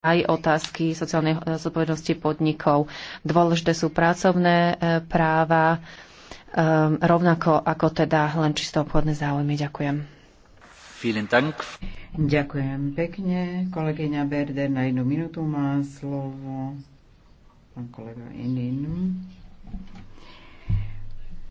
aj otázky sociálnej eh, zodpovednosti podnikov. Dôležité sú pracovné eh, práva, eh, rovnako ako teda len čisto obchodné záujmy. Ďakujem. Ďakujem pekne. Kolegyňa Berder na jednu minútu má slovo. Pán kolega Inin.